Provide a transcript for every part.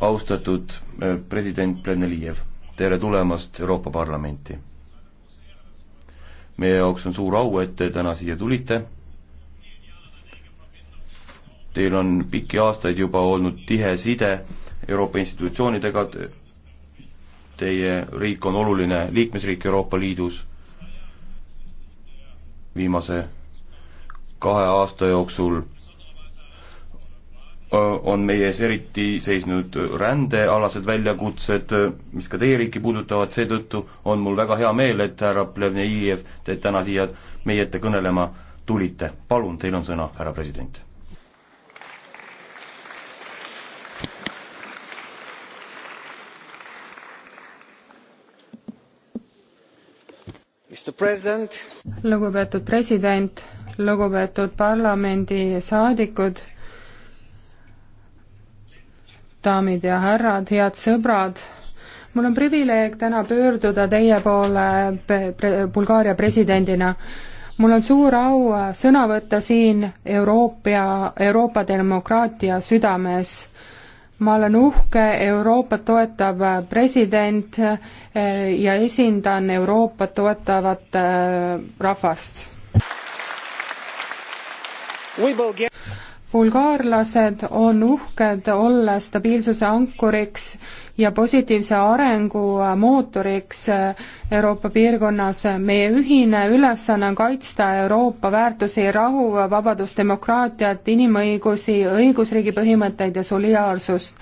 austatud äh, president Plenelijev, tere tulemast Euroopa Parlamenti. meie jaoks on suur au, et te täna siia tulite. Teil on pikki aastaid juba olnud tihe side Euroopa institutsioonidega, teie riik on oluline liikmesriik Euroopa Liidus viimase kahe aasta jooksul on meie ees eriti seisnud rändealased väljakutsed, mis ka teie riiki puudutavad, seetõttu on mul väga hea meel, et härra Plevnejev, te täna siia meie ette kõnelema tulite. palun, teil on sõna, härra president lugupeetud president, lugupeetud parlamendisaadikud, daamid ja härrad, head sõbrad, mul on privileeg täna pöörduda teie poole pre-, pre-, Bulgaaria presidendina mul on suur au sõna võtta siin Euroopa, Euroopa demokraatia südames ma olen uhke Euroopat toetav äh, president äh, ja esindan Euroopat toetavat äh, rahvast. bulgaarlased on uhked olla stabiilsuse ankuriks ja positiivse arengu mootoriks Euroopa piirkonnas. meie ühine ülesanne on kaitsta Euroopa väärtusi, rahu, vabadust, demokraatiat, inimõigusi, õigusriigi põhimõtteid ja solidaarsust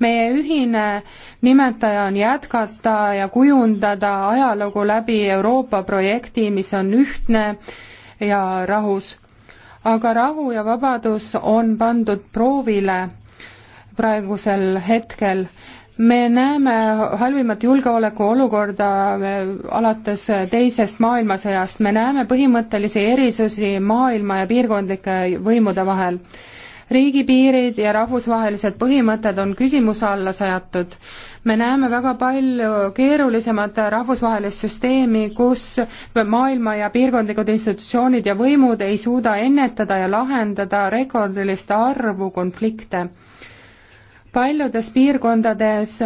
meie ühine nimetaja on jätkata ja kujundada ajalugu läbi Euroopa projekti, mis on ühtne ja rahus. aga rahu ja vabadus on pandud proovile praegusel hetkel me näeme halvimat julgeolekuolukorda alates Teisest maailmasõjast, me näeme põhimõttelisi erisusi maailma ja piirkondlike võimude vahel. riigipiirid ja rahvusvahelised põhimõtted on küsimuse alla sajatud. me näeme väga palju keerulisemat rahvusvahelist süsteemi, kus maailma ja piirkondlikud institutsioonid ja võimud ei suuda ennetada ja lahendada rekordilist arvu konflikte paljudes piirkondades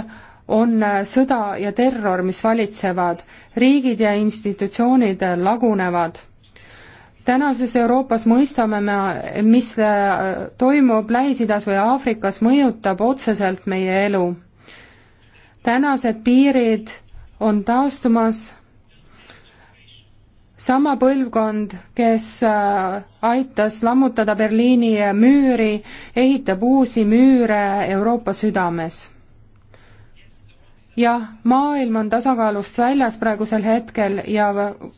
on äh, sõda ja terror, mis valitsevad, riigid ja institutsioonid äh, lagunevad. tänases Euroopas mõistame me, mis äh, toimub Lähis-Idas või Aafrikas, mõjutab otseselt meie elu. tänased piirid on taastumas sama põlvkond, kes äh, aitas lammutada Berliini müüri, ehitab uusi müüre Euroopa südames. jah, maailm on tasakaalust väljas praegusel hetkel ja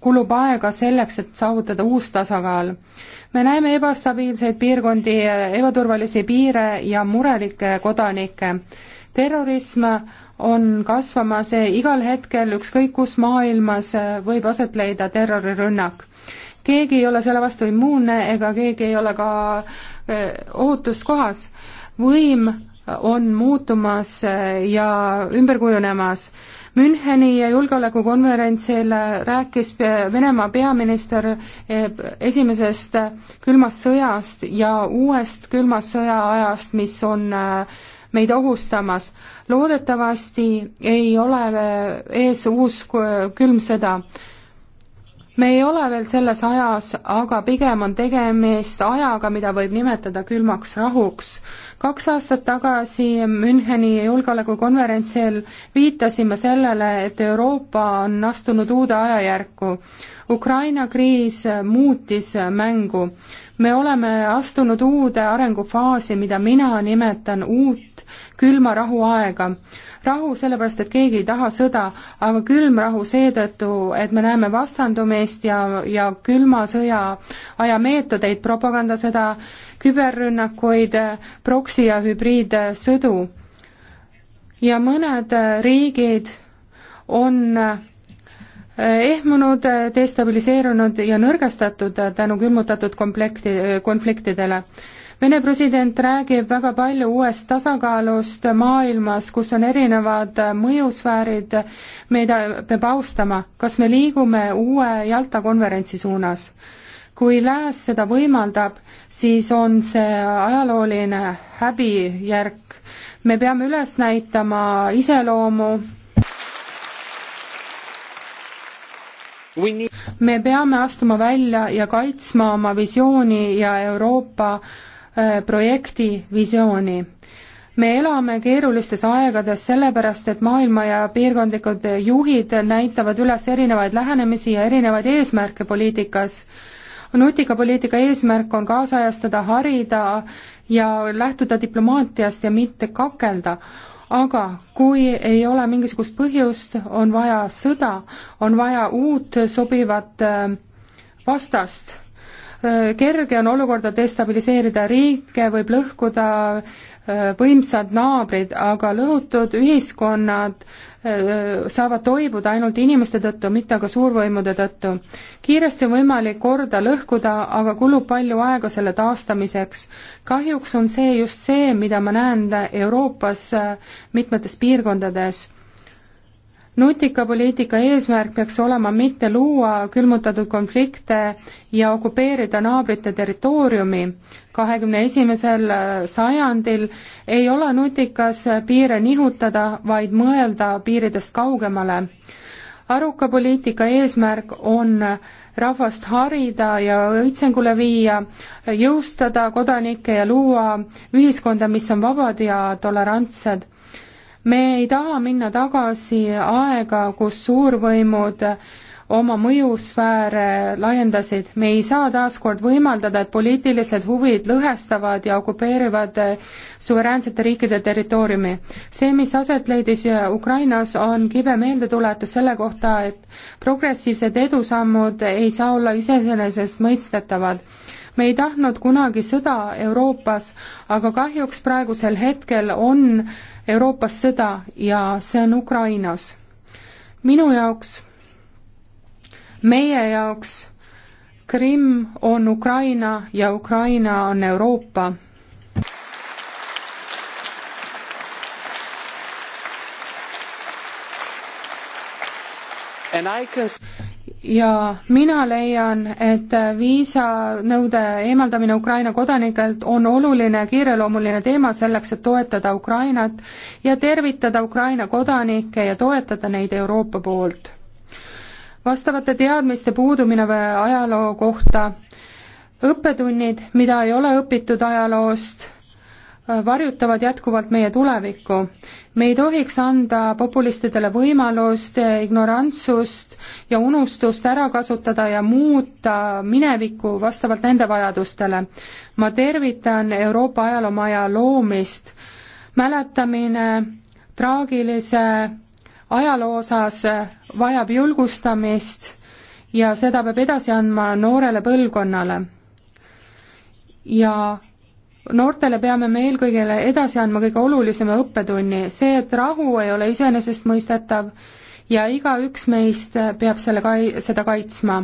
kulub aega selleks, et saavutada uus tasakaal. me näeme ebastabiilseid piirkondi, ebaturvalisi piire ja murelikke kodanikke. terrorism on kasvamas igal hetkel, ükskõik kus maailmas äh, võib aset leida terrorirünnak. keegi ei ole selle vastu immuunne ega keegi ei ole ka äh, ootuskohas. võim on muutumas äh, ja ümber kujunemas. Müncheni julgeolekukonverentsil rääkis Venemaa peaminister esimesest külmast sõjast ja uuest külma sõja ajast, mis on äh, meid ohustamas. loodetavasti ei ole ees uus külm sõda. me ei ole veel selles ajas, aga pigem on tegemist ajaga, mida võib nimetada külmaks rahuks. kaks aastat tagasi Müncheni julgeolekukonverentsil viitasime sellele, et Euroopa on astunud uude ajajärku Ukraina kriis muutis mängu. me oleme astunud uude arengufaasi, mida mina nimetan uut külma rahuaega. rahu sellepärast, et keegi ei taha sõda, aga külm rahu seetõttu, et me näeme vastandumist ja, ja külma sõja aja meetodeid, propagandasõda, küberrünnakuid, proksi- ja hübriidsõdu. ja mõned riigid on ehmunud, destabiliseerunud ja nõrgestatud tänu külmutatud komplekti, konfliktidele. Vene president räägib väga palju uuest tasakaalust maailmas, kus on erinevad mõjusfäärid, mida peab austama, kas me liigume uue Jalta konverentsi suunas. kui Lääs seda võimaldab, siis on see ajalooline häbijärk. me peame üles näitama iseloomu, me peame astuma välja ja kaitsma oma visiooni ja Euroopa äh, projekti visiooni. me elame keerulistes aegades sellepärast, et maailma ja piirkondlikud juhid näitavad üles erinevaid lähenemisi ja erinevaid eesmärke poliitikas. nutika poliitika eesmärk on kaasajastada, harida ja lähtuda diplomaatiast ja mitte kakelda aga kui ei ole mingisugust põhjust, on vaja sõda, on vaja uut sobivat äh, vastast. Äh, kerge on olukorda destabiliseerida riike, võib lõhkuda äh, võimsad naabrid, aga lõhutud ühiskonnad saavad toibuda ainult inimeste tõttu, mitte aga suurvõimude tõttu. kiiresti on võimalik korda lõhkuda, aga kulub palju aega selle taastamiseks. kahjuks on see just see, mida ma näen Euroopas mitmetes piirkondades nutika poliitika eesmärk peaks olema mitte luua külmutatud konflikte ja okupeerida naabrite territooriumi. kahekümne esimesel äh, sajandil ei ole nutikas piire nihutada, vaid mõelda piiridest kaugemale. aruka poliitika eesmärk on rahvast harida ja õitsengule viia, jõustada kodanikke ja luua ühiskonda, mis on vabad ja tolerantsed me ei taha minna tagasi aega, kus suurvõimud oma mõjusfääre laiendasid, me ei saa taaskord võimaldada, et poliitilised huvid lõhestavad ja okupeerivad suveräänsete riikide territooriumi. see, mis aset leidis Ukrainas, on kibe meeldetuletus selle kohta, et progressiivsed edusammud ei saa olla iseenesestmõistetavad me ei tahtnud kunagi sõda Euroopas, aga kahjuks praegusel hetkel on äh, Euroopas sõda ja see on Ukrainas. minu jaoks, meie jaoks Krimm on Ukraina ja Ukraina on Euroopa. Can ja mina leian, et viisanõude eemaldamine Ukraina kodanikelt on oluline kiireloomuline teema selleks, et toetada Ukrainat ja tervitada Ukraina kodanikke ja toetada neid Euroopa poolt. vastavate teadmiste puudumine ajaloo kohta, õppetunnid, mida ei ole õpitud ajaloost, varjutavad jätkuvalt meie tulevikku. me ei tohiks anda populistidele võimalust ignorantsust ja unustust ära kasutada ja muuta minevikku vastavalt nende vajadustele. ma tervitan Euroopa ajaloomaja loomist. mäletamine traagilise ajaloo osas vajab julgustamist ja seda peab edasi andma noorele põlvkonnale. ja noortele peame me eelkõige edasi andma kõige olulisema õppetunni, see, et rahu ei ole iseenesestmõistetav ja igaüks meist peab selle kai-, seda kaitsma.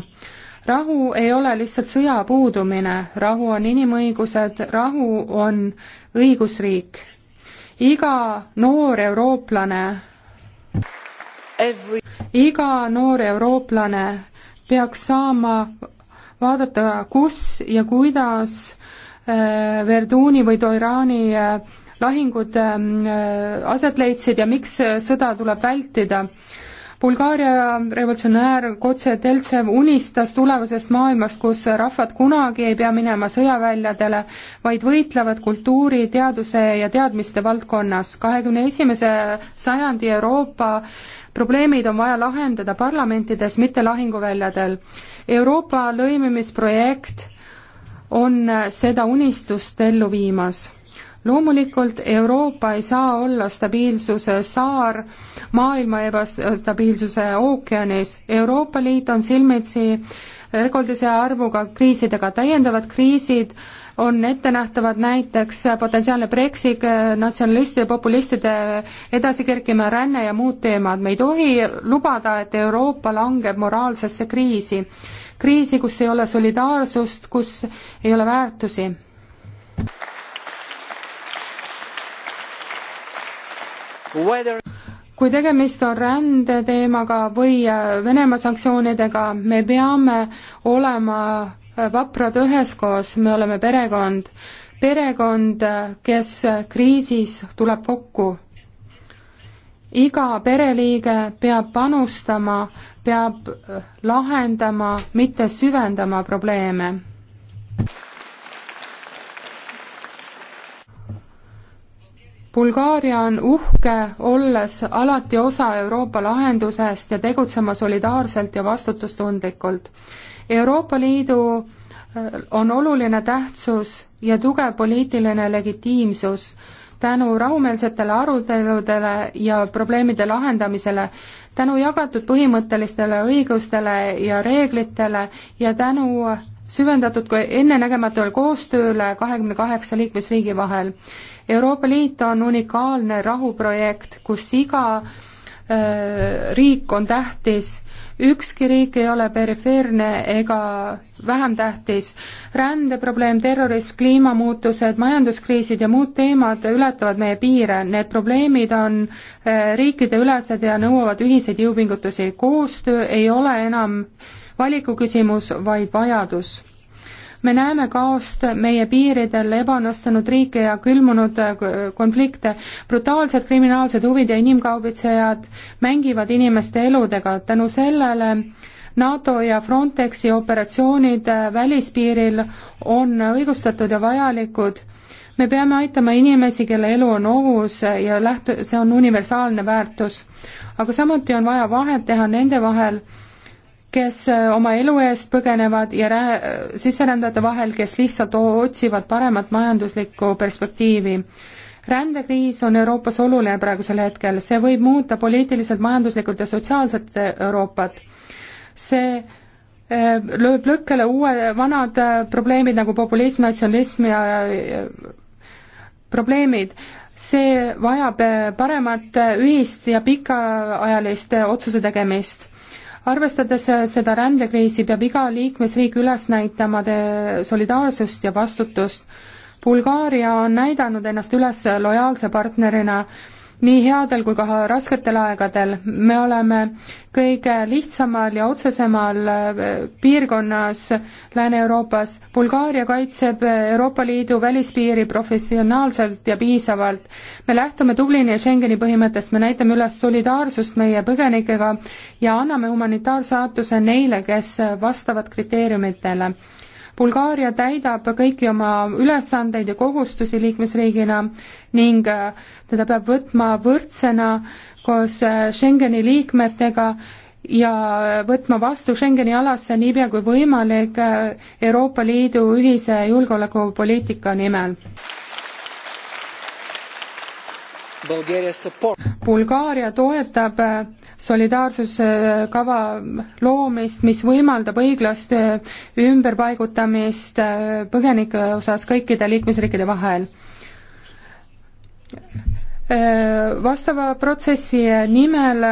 rahu ei ole lihtsalt sõja puudumine, rahu on inimõigused, rahu on õigusriik. iga noor eurooplane Every... iga noor eurooplane peaks saama vaadata, kus ja kuidas Äh, Verduni või Toirani äh, lahingud ähm, äh, aset leidsid ja miks sõda tuleb vältida. Bulgaaria revolutsionäär Kotse Deltsev unistas tulevasest maailmast, kus rahvad kunagi ei pea minema sõjaväljadele, vaid võitlevad kultuuri, teaduse ja teadmiste valdkonnas. kahekümne esimese sajandi Euroopa probleemid on vaja lahendada parlamentides, mitte lahinguväljadel. Euroopa lõimimisprojekt on seda unistust ellu viimas. loomulikult Euroopa ei saa olla stabiilsuse saar maailma ebastabiilsuse ookeanis, Euroopa Liit on silmitsi rekordise arvuga kriisidega, täiendavad kriisid äh, on ettenähtavad näiteks potentsiaalne Brexit, natsionalistide, populistide edasikerkima ränne ja muud teemad. me ei tohi lubada, et Euroopa langeb moraalsesse kriisi. kriisi, kus ei ole solidaarsust, kus ei ole väärtusi. Whether kui tegemist on rändeteemaga või Venemaa sanktsioonidega, me peame olema vaprad üheskoos, me oleme perekond. perekond, kes kriisis tuleb kokku. iga pereliige peab panustama, peab äh, lahendama, mitte süvendama probleeme. Bulgaaria on uhke, olles alati osa Euroopa lahendusest ja tegutsema solidaarselt ja vastutustundlikult Euroopa Liidu äh, on oluline tähtsus ja tugev poliitiline legitiimsus tänu rahumeelsetele aruteludele ja probleemide lahendamisele, tänu jagatud põhimõttelistele õigustele ja reeglitele ja tänu süvendatud ennenägematule koostööle kahekümne kaheksa liikmesriigi vahel. Euroopa Liit on unikaalne rahuprojekt, kus iga öö, äh, riik on tähtis ükski riik ei ole perifeerne ega vähem tähtis. rändeprobleem, terrorism, kliimamuutused, majanduskriisid ja muud teemad ületavad meie piire, need probleemid on eh, riikideülesed ja nõuavad ühiseid jõupingutusi. koostöö ei ole enam valiku küsimus, vaid vajadus me näeme kaost meie piiridel, ebaõnnestunud riike ja külmunud äh, konflikte, brutaalsed kriminaalsed huvid ja inimkaubitsejad mängivad inimeste eludega, tänu sellele NATO ja Frontexi operatsioonid äh, välispiiril on õigustatud ja vajalikud, me peame aitama inimesi, kelle elu on ohus ja lähtu-, see on universaalne väärtus. aga samuti on vaja vahet teha nende vahel, kes äh, oma elu eest põgenevad ja rää-, sisserändajate vahel, kes lihtsalt otsivad paremat majanduslikku perspektiivi. rändekriis on Euroopas oluline praegusel hetkel, see võib muuta poliitiliselt, majanduslikult ja sotsiaalselt äh, Euroopat. see äh, lööb lõkkele uue, vanad probleemid nagu populism, natsionalism ja, ja, ja probleemid see vajab paremat ühist ja pikaajalist otsuse tegemist arvestades äh, seda rändekriisi, peab iga liikmesriik üles näitama solidaarsust ja vastutust. Bulgaaria on näidanud ennast üles lojaalse partnerina nii headel kui ka rasketel aegadel. me oleme kõige lihtsamal ja otsesemal äh, piirkonnas Lääne-Euroopas. Bulgaaria kaitseb äh, Euroopa Liidu välispiiri professionaalselt ja piisavalt. me lähtume Dublini ja Schengeni põhimõttest, me näitame üles solidaarsust meie põgenikega ja anname humanitaarsaatuse neile, kes vastavad kriteeriumitele Bulgaaria täidab kõiki oma ülesandeid ja kohustusi liikmesriigina ning äh, teda peab võtma võrdsena koos äh, Schengeni liikmetega ja äh, võtma vastu Schengeni alasse niipea kui võimalik Euroopa Liidu ühise julgeolekupoliitika nimel. Bulgaaria toetab solidaarsuskava loomist, mis võimaldab õiglast äh, ümberpaigutamist äh, põgenike osas kõikide liikmesriikide vahel. Äh, vastava protsessi nimel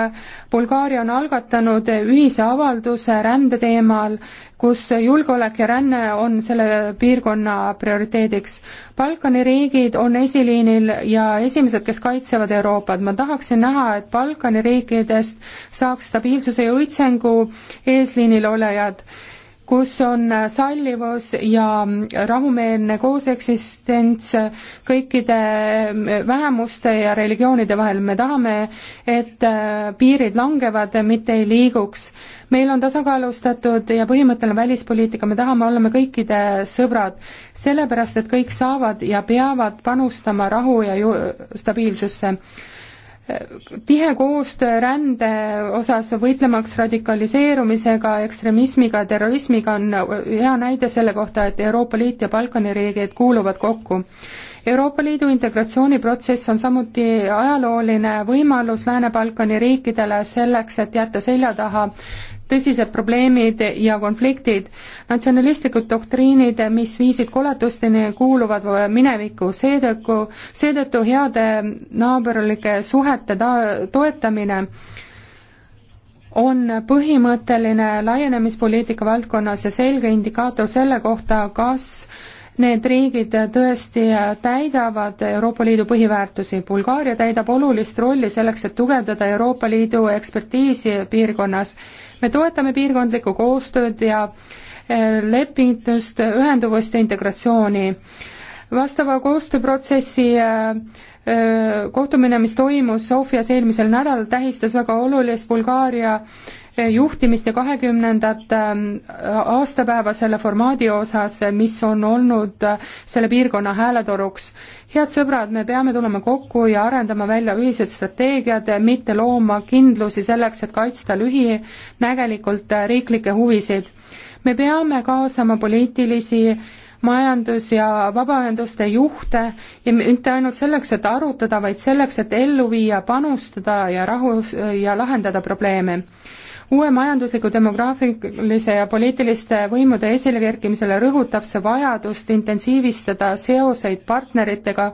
Bulgaaria on algatanud ühise avalduse rände teemal kus julgeolek ja ränne on selle piirkonna prioriteediks. Balkani riigid on esiliinil ja esimesed, kes kaitsevad Euroopat. ma tahaksin näha, et Balkani riikidest saaks stabiilsuse ja õitsengu eesliinil olejad kus on sallivus ja rahumeelne kooseksistents kõikide vähemuste ja religioonide vahel. me tahame, et äh, piirid langevad, mitte ei liiguks. meil on tasakaalustatud ja põhimõtteline välispoliitika, me tahame, oleme kõikide sõbrad, sellepärast et kõik saavad ja peavad panustama rahu ja ju-, stabiilsusse tihe koostöö rände osas võitlemaks radikaliseerumisega, ekstremismiga, terrorismiga on hea näide selle kohta, et Euroopa Liit ja Balkani riigid kuuluvad kokku. Euroopa Liidu integratsiooniprotsess on samuti ajalooline võimalus Lääne-Balkani riikidele selleks, et jätta selja taha tõsised probleemid ja konfliktid. natsionalistlikud doktriinid, mis viisid koletusteni, kuuluvad minevikku, seetõttu, seetõttu heade naaberlike suhete ta-, toetamine on põhimõtteline laienemispoliitika valdkonnas ja selge indikaator selle kohta, kas need riigid tõesti täidavad Euroopa Liidu põhiväärtusi. Bulgaaria täidab olulist rolli selleks, et tugevdada Euroopa Liidu ekspertiisi piirkonnas me toetame piirkondlikku koostööd ja eh, lepingust ühenduvust ja integratsiooni. vastava koostööprotsessi eh, eh, kohtumine, mis toimus Sofias eelmisel nädalal, tähistas väga olulist Bulgaaria juhtimist ja kahekümnendat ähm, aastapäeva selle formaadi osas, mis on olnud äh, selle piirkonna hääletoruks. head sõbrad, me peame tulema kokku ja arendama välja ühised strateegiad, mitte looma kindlusi selleks, et kaitsta lühinägelikult äh, riiklikke huvisid. me peame kaasama poliitilisi majandus- ja vabaühenduste juhte ja mitte ainult selleks, et arutada, vaid selleks, et ellu viia, panustada ja rahu ja lahendada probleeme uue majandusliku, demograafilise ja poliitiliste võimude esilekerkimisele rõhutab see vajadust intensiivistada seoseid partneritega,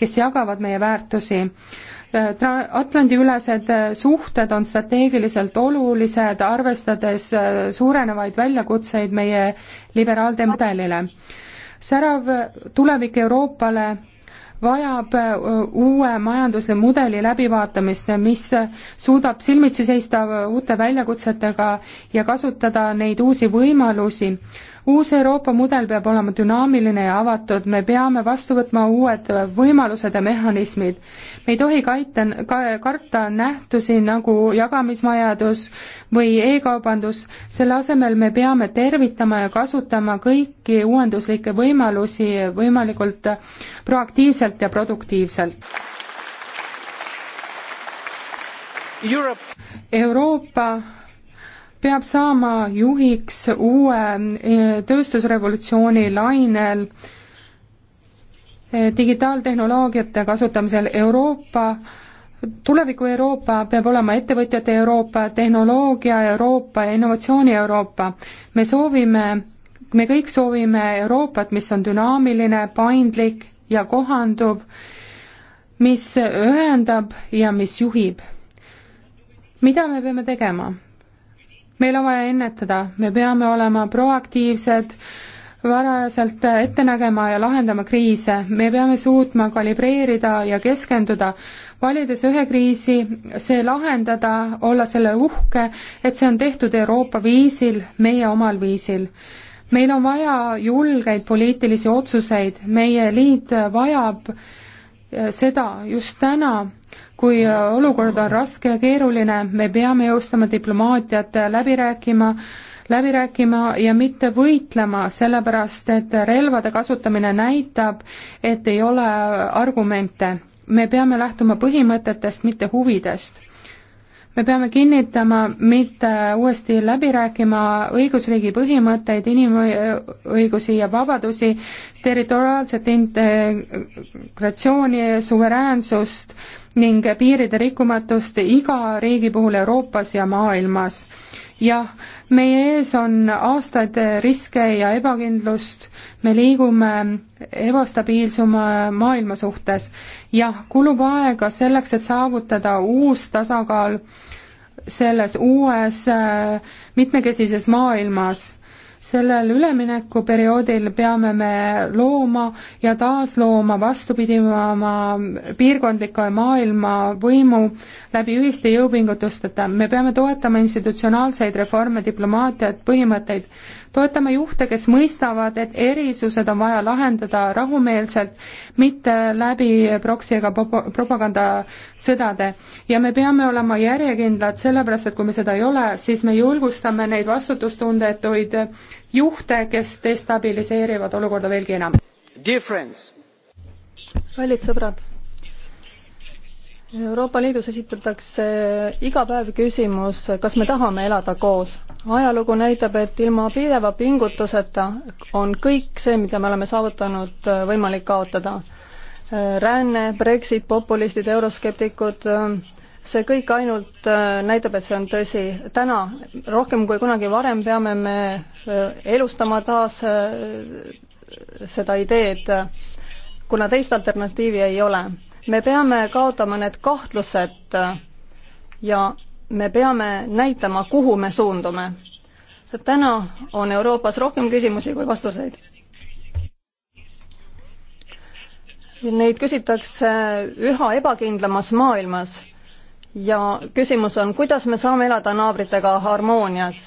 kes jagavad meie väärtusi. Äh, tra-, Atlandi-ülesed äh, suhted on strateegiliselt olulised, arvestades äh, suurenevaid väljakutseid meie liberaaldemokraadile. särav tulevik Euroopale vajab äh, uue majanduse mudeli läbivaatamist, mis suudab silmitsi seista äh, uute väljakutsetega ja kasutada neid uusi võimalusi uus Euroopa mudel peab olema dünaamiline ja avatud, me peame vastu võtma uued võimalused ja mehhanismid. me ei tohi kaita, ka karta nähtusi nagu jagamismajandus või e-kaubandus, selle asemel me peame tervitama ja kasutama kõiki uuenduslikke võimalusi võimalikult proaktiivselt ja produktiivselt. Euroopa peab saama juhiks uue e, tööstusrevolutsiooni lainel e, digitaaltehnoloogiate kasutamisel Euroopa, tuleviku Euroopa peab olema ettevõtjate Euroopa, tehnoloogia Euroopa ja innovatsiooni Euroopa. me soovime, me kõik soovime Euroopat, mis on dünaamiline, paindlik ja kohanduv, mis ühendab ja mis juhib. mida me peame tegema? meil on vaja ennetada, me peame olema proaktiivsed, varajaselt ette nägema ja lahendama kriise, me peame suutma kalibreerida ja keskenduda, valides ühe kriisi, see lahendada, olla selle uhke, et see on tehtud Euroopa viisil, meie omal viisil. meil on vaja julgeid poliitilisi otsuseid, meie liit vajab Äh, seda just täna, kui äh, olukord on raske ja keeruline, me peame jõustama diplomaatiat, äh, läbi rääkima, läbi rääkima ja mitte võitlema, sellepärast et relvade kasutamine näitab, et ei ole argumente. me peame lähtuma põhimõtetest, mitte huvidest me peame kinnitama, mitte uuesti läbi rääkima õigusriigi põhimõtteid, inimõigusi ja vabadusi, territoriaalset integratsiooni, suveräänsust ning piiride rikkumatust iga riigi puhul Euroopas ja maailmas. jah, meie ees on aastaid riske ja ebakindlust, me liigume ebastabiilsuma maailma suhtes jah, kulub aega selleks, et saavutada uus tasakaal selles uues äh, mitmekesises maailmas. sellel üleminekuperioodil peame me looma ja taaslooma vastupidivama piirkondliku maailma võimu läbi ühiste jõupingutusteta. me peame toetama institutsionaalseid reforme, diplomaatiat, põhimõtteid, toetame juhte, kes mõistavad, et erisused on vaja lahendada rahumeelselt, mitte läbi proksi- ega propagandasõdade. ja me peame olema järjekindlad, sellepärast et kui me seda ei ole, siis me julgustame neid vastutustundetuid juhte, kes destabiliseerivad olukorda veelgi enam. kallid sõbrad Euroopa Liidus esitatakse iga päev küsimus, kas me tahame elada koos ajalugu näitab, et ilma pideva pingutuseta on kõik see, mida me oleme saavutanud, äh, võimalik kaotada. Äh, ränne, Brexit, populistid, euroskeptikud, äh, see kõik ainult näitab, et see on tõsi. täna rohkem kui kunagi varem peame me elustama taas seda ideed, kuna teist alternatiivi ei ole. me peame kaotama need kahtlused ja me peame näitama, kuhu me suundume. täna on Euroopas rohkem küsimusi kui vastuseid. Neid küsitakse üha ebakindlamas maailmas ja küsimus on, kuidas me saame elada naabritega harmoonias.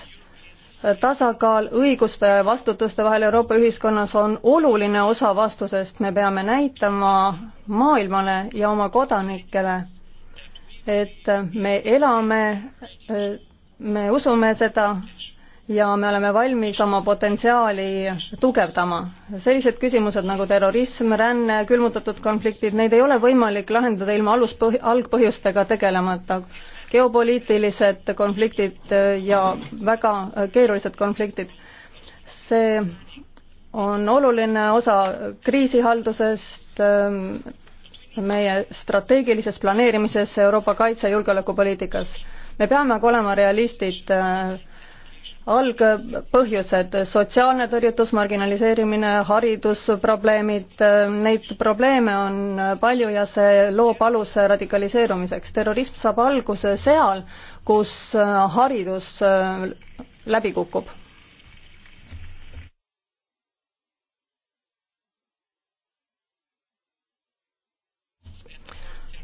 tasakaal õiguste ja vastutuste vahel Euroopa ühiskonnas on oluline osa vastusest, me peame näitama maailmale ja oma kodanikele et me elame, me usume seda ja me oleme valmis oma potentsiaali tugevdama. sellised küsimused nagu terrorism, ränne, külmutatud konfliktid, neid ei ole võimalik lahendada ilma aluspõh-, algpõhjustega tegelemata. geopoliitilised konfliktid ja väga keerulised konfliktid. see on oluline osa kriisihaldusest, meie strateegilises planeerimises Euroopa kaitse- ja julgeolekupoliitikas. me peame aga olema realistid, äh, algpõhjused, sotsiaalne tõrjutus, marginaliseerimine, haridusprobleemid, äh, neid probleeme on palju ja see loob aluse radikaliseerumiseks. terrorism saab alguse seal, kus äh, haridus läbi kukub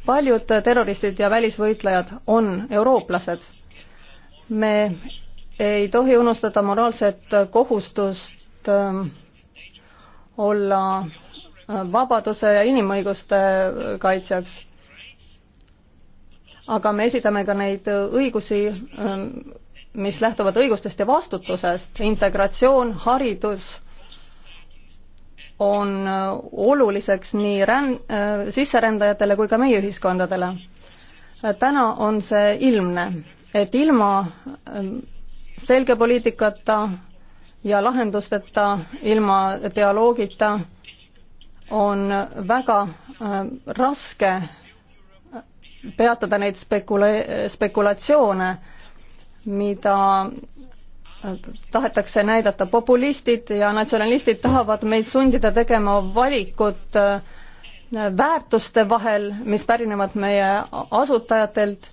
paljud terroristid ja välisvõitlejad on eurooplased. me ei tohi unustada moraalset kohustust ähm, olla äh, vabaduse ja inimõiguste kaitsjaks. aga me esitame ka neid õigusi, ähm, mis lähtuvad õigustest ja vastutusest, integratsioon, haridus on äh, oluliseks nii ränn-, äh, sisserändajatele kui ka meie ühiskondadele. Äh, täna on see ilmne, et ilma ähm, selge poliitikata ja lahendusteta, ilma dialoogita on väga raske peatada neid spekula-, spekulatsioone, mida tahetakse näidata, populistid ja natsionalistid tahavad meid sundida tegema valikut äh, väärtuste vahel, mis pärinevad meie asutajatelt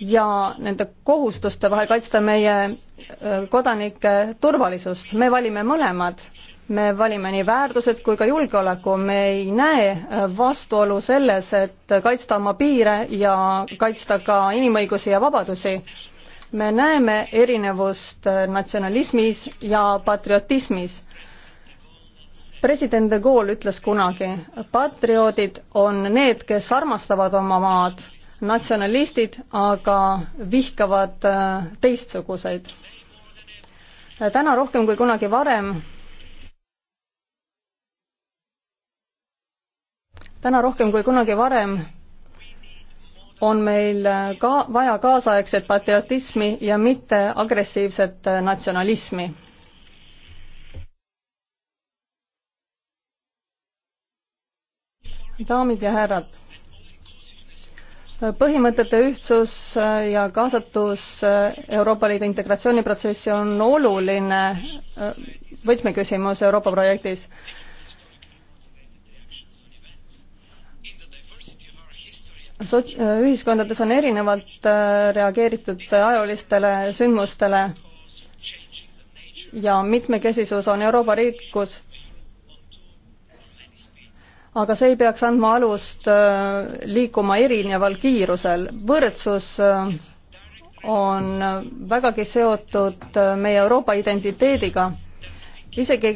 ja nende kohustuste vahel kaitsta meie äh, kodanike turvalisust. me valime mõlemad, me valime nii väärtused kui ka julgeoleku, me ei näe äh, vastuolu selles, et kaitsta oma piire ja kaitsta ka inimõigusi ja vabadusi me näeme erinevust natsionalismis ja patriotismis. president de Gaulle ütles kunagi, patrioodid on need, kes armastavad oma maad, natsionalistid aga vihkavad äh, teistsuguseid. täna rohkem kui kunagi varem täna rohkem kui kunagi varem on meil äh, ka vaja kaasaegset patriotismi ja mitte agressiivset äh, natsionalismi. daamid ja härrad, põhimõtete ühtsus äh, ja kaasatus Euroopa Liidu integratsiooniprotsessi on oluline võtmeküsimus Euroopa projektis sots-, äh, ühiskondades on erinevalt äh, reageeritud ajaloolistele sündmustele ja mitmekesisus on Euroopa riikus, aga see ei peaks andma alust äh, liikuma erineval kiirusel. võrdsus on vägagi seotud meie Euroopa identiteediga. isegi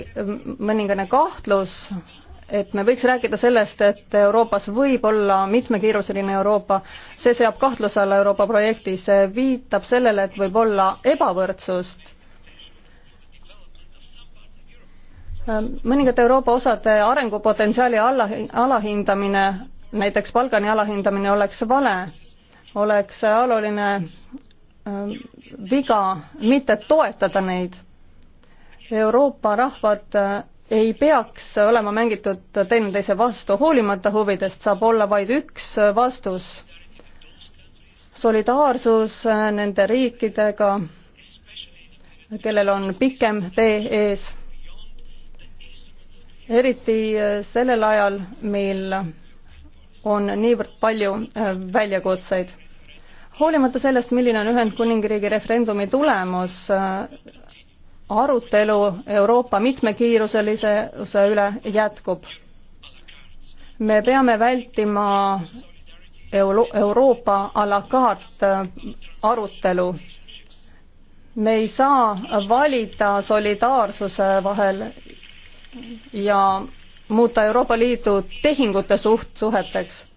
mõningane kahtlus et me võiks rääkida sellest, et Euroopas võib olla mitmekiiruseline Euroopa, see seab kahtluse alla Euroopa projekti, see viitab sellele, et võib olla ebavõrdsust. Ähm, mõningate Euroopa osade arengupotentsiaali alla, alahindamine, näiteks Balkani alahindamine oleks vale, oleks oluline ähm, viga mitte toetada neid. Euroopa rahvad äh, ei peaks olema mängitud teineteise vastu, hoolimata huvidest saab olla vaid üks vastus. solidaarsus nende riikidega, kellel on pikem tee ees, eriti sellel ajal, mil on niivõrd palju äh, väljakutseid. hoolimata sellest, milline on Ühendkuningriigi referendumi tulemus, arutelu Euroopa mitmekiiruselisuse üle jätkub. me peame vältima Euro Euroopa a la carte arutelu. me ei saa valida solidaarsuse vahel ja muuta Euroopa Liidu tehingute suht-, suheteks.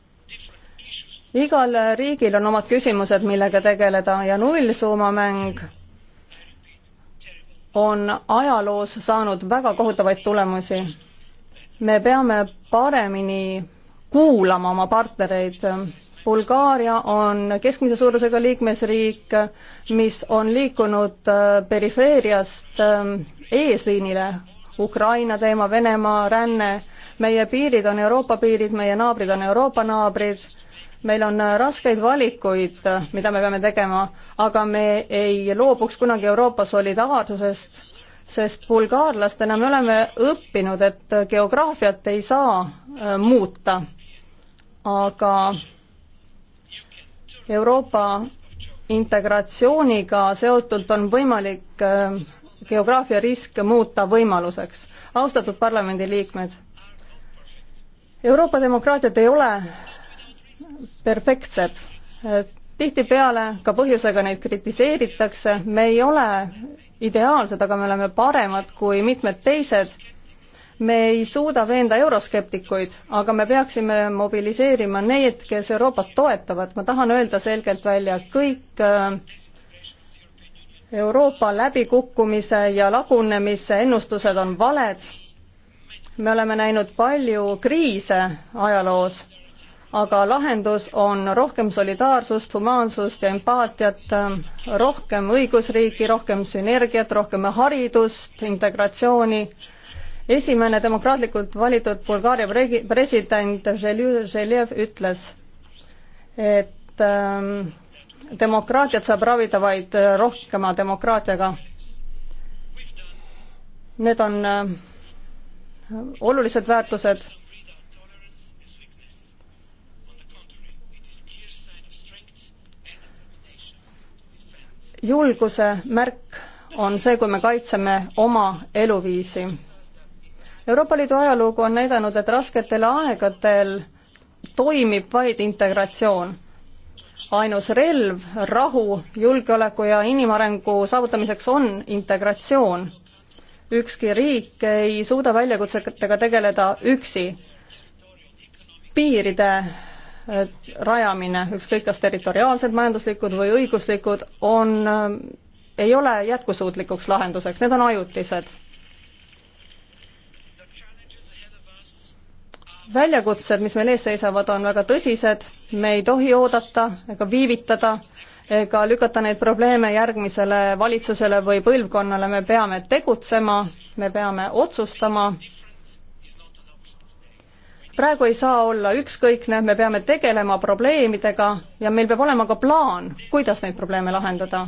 igal riigil on omad küsimused, millega tegeleda ja nullsummamäng on ajaloos saanud väga kohutavaid tulemusi. me peame paremini kuulama oma partnereid. Bulgaaria on keskmise suurusega liikmesriik, mis on liikunud äh, perifeeriast äh, eesliinile. Ukraina teema, Venemaa ränne, meie piirid on Euroopa piirid, meie naabrid on Euroopa naabrid meil on äh, raskeid valikuid, äh, mida me peame tegema, aga me ei loobuks kunagi Euroopa solidaarsusest, sest bulgaarlastena me oleme õppinud, et äh, geograafiat ei saa muuta, aga Euroopa integratsiooniga seotult on võimalik geograafia risk muuta võimaluseks. austatud parlamendiliikmed, Euroopa demokraatiat ei ole perfektsed. tihtipeale ka põhjusega neid kritiseeritakse, me ei ole ideaalsed, aga me oleme paremad kui mitmed teised. me ei suuda veenda euroskeptikuid, aga me peaksime mobiliseerima need, kes Euroopat toetavad, ma tahan öelda selgelt välja, kõik äh, Euroopa läbikukkumise ja lagunemise ennustused on valed, me oleme näinud palju kriise ajaloos aga lahendus on rohkem solidaarsust, humaansust ja empaatiat, rohkem õigusriiki, rohkem sünergiat, rohkem haridust, integratsiooni. esimene demokraatlikult valitud Bulgaaria president Željev ütles, et ähm, demokraatiat saab ravida vaid rohkema demokraatiaga. Need on äh, olulised väärtused julguse märk on see, kui me kaitseme oma eluviisi. Euroopa Liidu ajalugu on näidanud, et rasketel aegadel toimib vaid integratsioon. ainus relv rahu, julgeoleku ja inimarengu saavutamiseks on integratsioon. ükski riik ei suuda väljakutsetega tegeleda üksi. piiride rajamine, ükskõik kas territoriaalsed, majanduslikud või õiguslikud, on, ei ole jätkusuutlikuks lahenduseks, need on ajutised. väljakutsed, mis meil ees seisavad, on väga tõsised, me ei tohi oodata ega viivitada ega lükata neid probleeme järgmisele valitsusele või põlvkonnale, me peame tegutsema, me peame otsustama praegu ei saa olla ükskõikne, me peame tegelema probleemidega ja meil peab olema ka plaan, kuidas neid probleeme lahendada.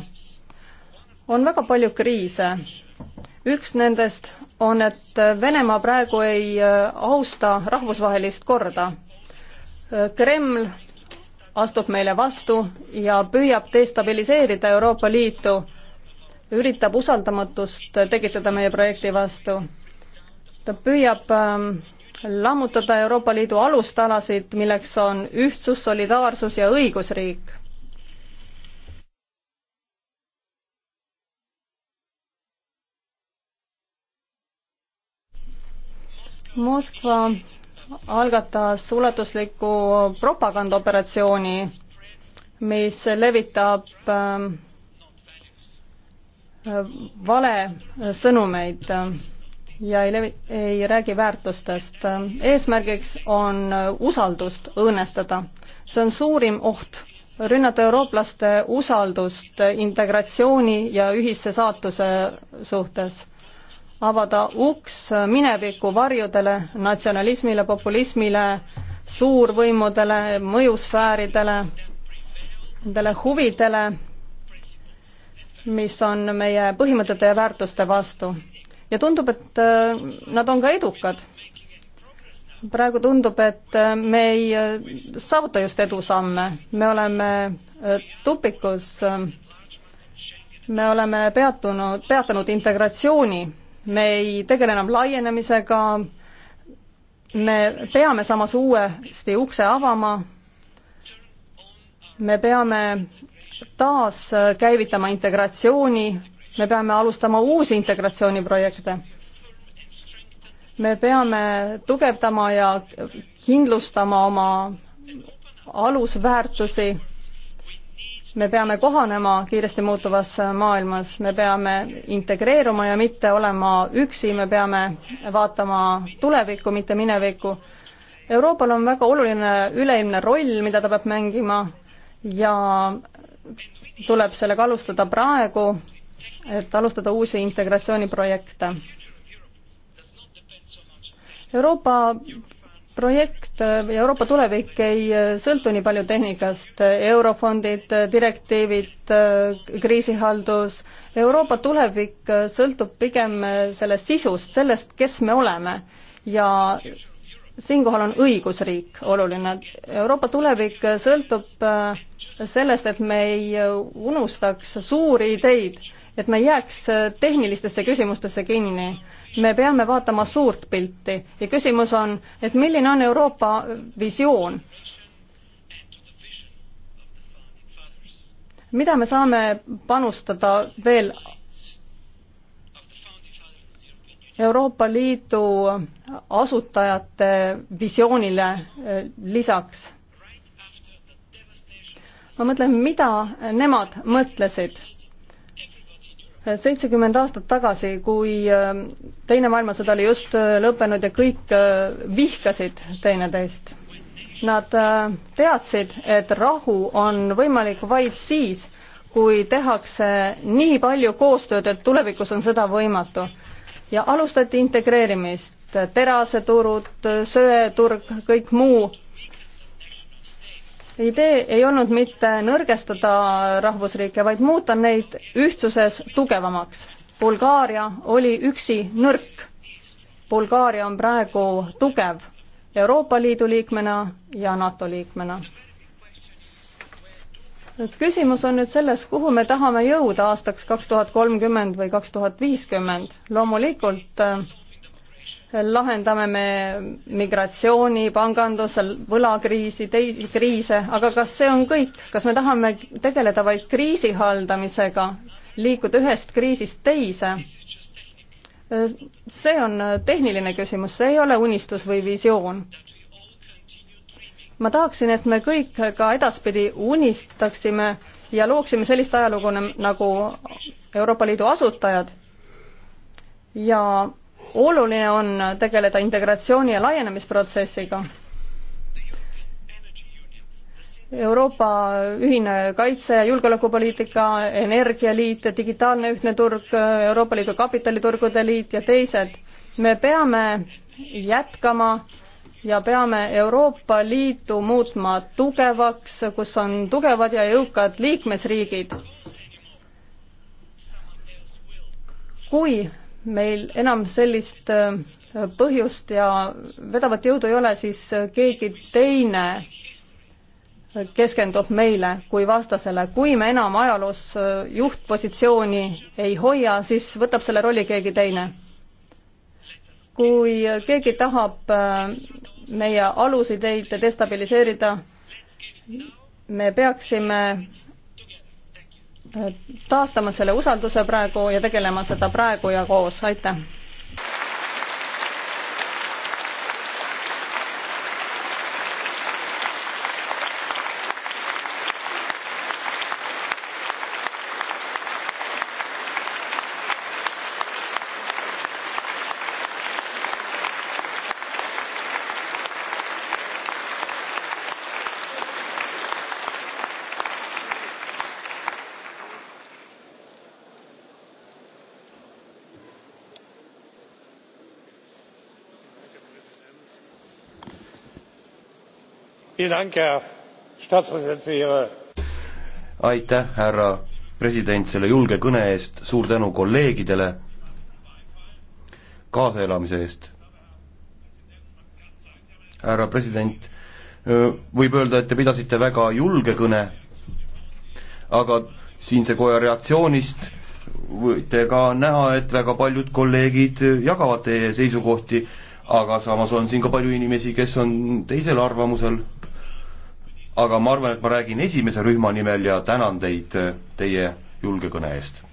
on väga palju kriise. üks nendest on, et Venemaa praegu ei äh, austa rahvusvahelist korda. Äh, Kreml astub meile vastu ja püüab destabiliseerida Euroopa Liitu, üritab usaldamatust tekitada meie projekti vastu. ta püüab äh, lammutada Euroopa Liidu alustalasid, milleks on ühtsus, solidaarsus ja õigusriik. Moskva algatas ulatusliku propagandaoperatsiooni, mis levitab ähm, vale sõnumeid ja ei levi-, ei räägi väärtustest. eesmärgiks on usaldust õõnestada. see on suurim oht, rünnata eurooplaste usaldust integratsiooni ja ühisse saatuse suhtes, avada uks mineviku varjudele, natsionalismile, populismile, suurvõimudele, mõjusfääridele, nendele huvidele, mis on meie põhimõtete ja väärtuste vastu ja tundub, et äh, nad on ka edukad. praegu tundub, et äh, me ei äh, saavuta just edusamme, me oleme tupikus, me oleme peatunud, peatanud integratsiooni, me ei tegele enam laienemisega, me peame samas uuesti ukse avama, me peame taaskäivitama integratsiooni, me peame alustama uusi integratsiooniprojekte. me peame tugevdama ja kindlustama oma alusväärtusi. me peame kohanema kiiresti muutuvas maailmas, me peame integreeruma ja mitte olema üksi, me peame vaatama tulevikku, mitte minevikku. Euroopal on väga oluline üleilmne roll, mida ta peab mängima ja tuleb sellega alustada praegu et alustada uusi integratsiooniprojekte. Euroopa projekt ja Euroopa tulevik ei sõltu nii palju tehnikast, eurofondid, direktiivid, kriisihaldus, Euroopa tulevik sõltub pigem sellest sisust, sellest, kes me oleme ja siinkohal on õigusriik oluline. Euroopa tulevik sõltub sellest, et me ei unustaks suuri ideid et me ei jääks äh, tehnilistesse küsimustesse kinni. me peame vaatama suurt pilti ja küsimus on, et milline on Euroopa visioon. mida me saame panustada veel Euroopa Liidu asutajate visioonile äh, lisaks? ma mõtlen, mida nemad mõtlesid seitsekümmend aastat tagasi, kui äh, Teine maailmasõda oli just äh, lõppenud ja kõik äh, vihkasid teineteist. Nad teadsid, et rahu on võimalik vaid siis, kui tehakse nii palju koostööd, et tulevikus on sõda võimatu. ja alustati integreerimist, teraseturud, söeturg, kõik muu idee ei olnud mitte nõrgestada rahvusriike, vaid muuta neid ühtsuses tugevamaks. Bulgaaria oli üksi nõrk. Bulgaaria on praegu tugev Euroopa Liidu liikmena ja NATO liikmena. nüüd küsimus on nüüd selles, kuhu me tahame jõuda aastaks kaks tuhat kolmkümmend või kaks tuhat viiskümmend. loomulikult äh, lahendame me migratsiooni, panganduse, võlakriisi, teisi kriise, aga kas see on kõik, kas me tahame tegeleda vaid kriisi haldamisega, liikuda ühest kriisist teise? see on tehniline küsimus, see ei ole unistus või visioon. ma tahaksin, et me kõik ka edaspidi unistaksime ja looksime sellist ajalugu nagu Euroopa Liidu asutajad ja oluline on tegeleda integratsiooni ja laienemisprotsessiga. Euroopa ühine kaitse- ja julgeolekupoliitika, energialiit, digitaalne ühtne turg, Euroopa Liidu kapitaliturgude liit ja teised. me peame jätkama ja peame Euroopa Liitu muutma tugevaks, kus on tugevad ja jõukad liikmesriigid. kui meil enam sellist äh, põhjust ja vedavat jõudu ei ole, siis äh, keegi teine keskendub meile kui vastasele. kui me enam ajaloos äh, juhtpositsiooni ei hoia, siis võtab selle rolli keegi teine. kui keegi tahab meie alusideid destabiliseerida, me peaksime taastama selle usalduse praegu ja tegelema seda praegu ja koos, aitäh! aitäh, härra president, selle julge kõne eest, suur tänu kolleegidele kaasaelamise eest. härra president, võib öelda, et te pidasite väga julge kõne, aga siinse koja reaktsioonist võite ka näha, et väga paljud kolleegid jagavad teie seisukohti, aga samas on siin ka palju inimesi, kes on teisel arvamusel aga ma arvan, et ma räägin esimese rühma nimel ja tänan teid teie julge kõne eest